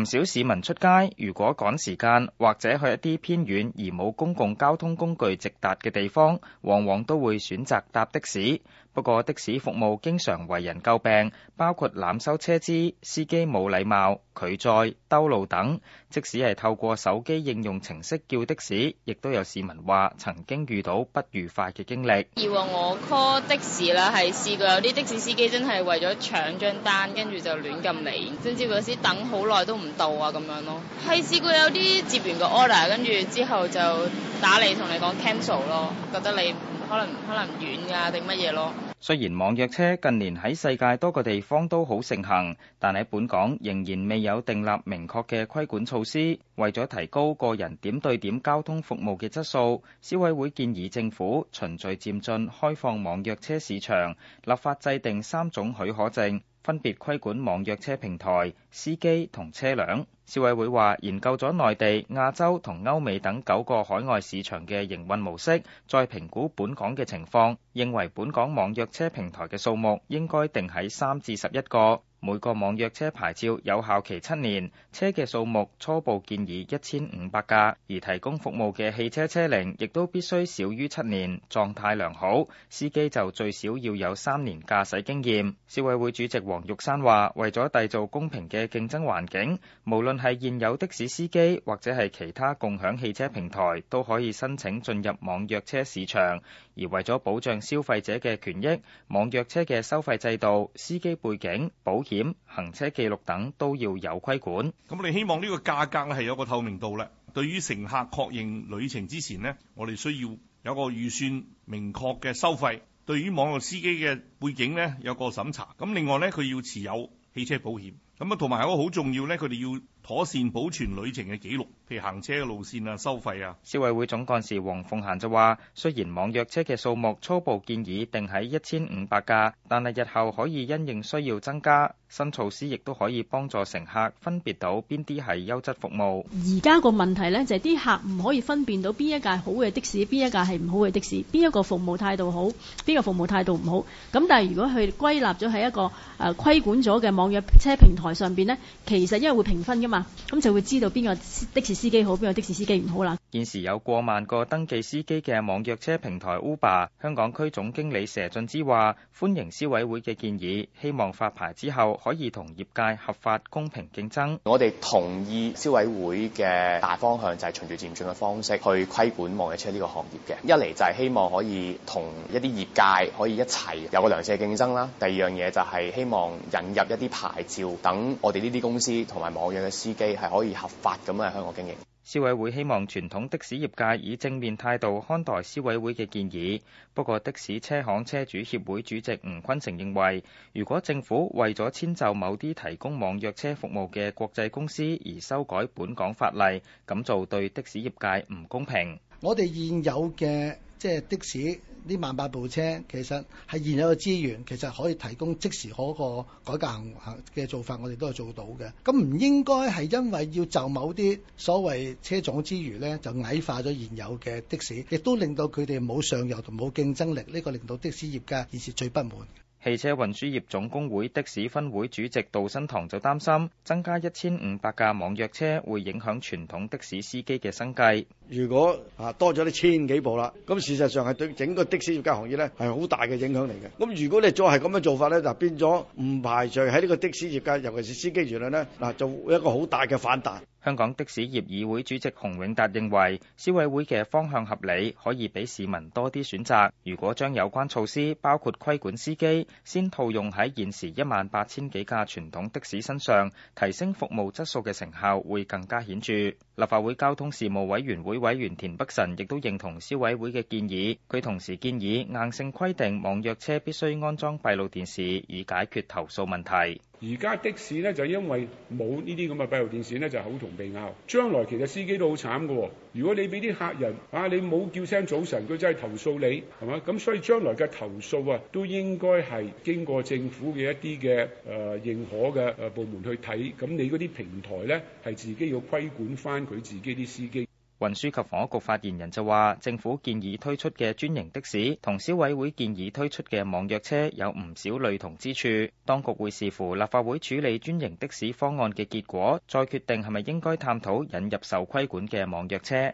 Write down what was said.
唔少市民出街，如果趕時間或者去一啲偏遠而冇公共交通工具直達嘅地方，往往都會選擇搭的士。不過的士服務經常為人詬病，包括濫收車資、司機冇禮貌、拒載、兜路等。即使係透過手機應用程式叫的士，亦都有市民話曾經遇到不愉快嘅經歷。而我 call 的士啦，係試過有啲的士司機真係為咗搶張單，跟住就亂咁嚟，先知嗰時等好耐都唔到啊咁樣咯。係試過有啲接完個 order，跟住之後就打你同你講 cancel 咯，覺得你。可能可能遠定乜嘢咯？雖然網約車近年喺世界多個地方都好盛行，但喺本港仍然未有訂立明確嘅規管措施。為咗提高個人點對點交通服務嘅質素，消委會建議政府循序漸進開放網約車市場，立法制定三種許可證。分別規管網約車平台、司機同車輛。消委會話研究咗內地、亞洲同歐美等九個海外市場嘅營運模式，再評估本港嘅情況，認為本港網約車平台嘅數目應該定喺三至十一個。每個網約車牌照，有效期七年，車嘅數目初步建議一千五百架，而提供服務嘅汽車車齡亦都必須少於七年，狀態良好。司機就最少要有三年駕駛經驗。消委會主席黃玉山話：為咗締造公平嘅競爭環境，無論係現有的士司機或者係其他共享汽車平台，都可以申請進入網約車市場。而為咗保障消費者嘅權益，網約車嘅收費制度、司機背景、保險、行車記錄等都要有規管。咁我哋希望呢個價格咧係有個透明度啦。對於乘客確認旅程之前咧，我哋需要有個預算明確嘅收費。對於網約司機嘅背景咧，有個審查。咁另外咧，佢要持有汽車保險。咁啊，同埋一個好重要咧，佢哋要，妥善保存旅程嘅記錄，譬如行車嘅路線啊、收費啊。消委會總幹事黃鳳嫻就話，雖然網約車嘅數目初步建議定喺一千五百架，但係日後可以因應需要增加。新措施亦都可以幫助乘客分別到邊啲係優質服務。而家個問題咧，就係啲客唔可以分辨到邊一架好嘅的士，邊一架係唔好嘅的士，邊一個服務態度好，邊個服務態度唔好。咁但係如果佢歸納咗喺一個誒規管咗嘅網約車平台上邊咧，其實因為會評分噶嘛。咁就會知道邊個的士司機好，邊個的士司機唔好啦。現時有過萬個登記司機嘅網約車平台 Uber，香港區總經理佘俊之話：歡迎消委會嘅建議，希望發牌之後可以同業界合法公平競爭。我哋同意消委會嘅大方向，就係循住漸進嘅方式去規管網約車呢個行業嘅。一嚟就係希望可以同一啲業界可以一齊有一個良性嘅競爭啦。第二樣嘢就係希望引入一啲牌照，等我哋呢啲公司同埋網約嘅。司機係可以合法咁喺香港經營。消委會希望傳統的士業界以正面態度看待消委會嘅建議。不過的士車行車主協會主席吳坤成認為，如果政府為咗遷就某啲提供網約車服務嘅國際公司而修改本港法例，咁就對的士業界唔公平。我哋現有嘅即係的士。呢萬八部車其實係現有嘅資源，其實可以提供即時嗰個改革行嘅做法，我哋都係做到嘅。咁唔應該係因為要就某啲所謂車種之餘呢，就矮化咗現有嘅的，的士，亦都令到佢哋冇上游同冇競爭力。呢、這個令到的士業界現時最不滿。汽車運輸業總工會的士分會主席杜新堂就擔心，增加一千五百架網約車會影響傳統的士司機嘅生計。如果啊多咗呢千幾部啦，咁事實上係對整個的士業界行業呢係好大嘅影響嚟嘅。咁如果你再係咁樣做法咧，就變咗唔排除喺呢個的士業界，尤其是司機員呢，就有一個好大嘅反彈。香港的士業議會主席洪永達認為，消委會嘅方向合理，可以俾市民多啲選擇。如果將有關措施包括規管司機，先套用喺現時一萬八千幾架傳統的士身上，提升服務質素嘅成效會更加顯著。立法會交通事務委員會委員田北辰亦都認同消委會嘅建議，佢同時建議硬性規定網約車必須安裝閉路電視，以解決投訴問題。而家的士呢，就因為冇呢啲咁嘅閉路電視呢，就口同鼻拗。將來其實司機都好慘嘅，如果你俾啲客人啊，你冇叫聲早晨，佢真係投訴你，係嘛？咁所以將來嘅投訴啊，都應該係經過政府嘅一啲嘅誒認可嘅誒部門去睇。咁你嗰啲平台呢，係自己要規管翻。佢自己啲司機。運輸及房屋局發言人就話，政府建議推出嘅專營的士，同消委會建議推出嘅網約車有唔少類同之處。當局會視乎立法會處理專營的士方案嘅結果，再決定係咪應該探討引入受規管嘅網約車。